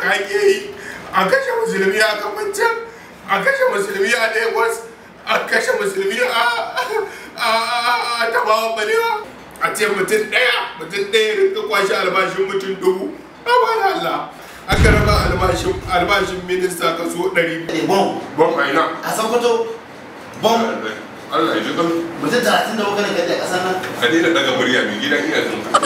haka ake yi a kashe musulmi a kafancan a kashe musulmi a lagos a kashe musulmi a tabawa balewa a ce mutum ɗaya mutum ɗaya rinka kwashe albashin mutum dubu a bada Allah aka raba albashin minista kaso ɗari eh, bom bom a ina a sokoto bom Allah ya ji kan mutum talatin da wakilin kai da ƙasar nan a daina daga murya mai gidan iya sun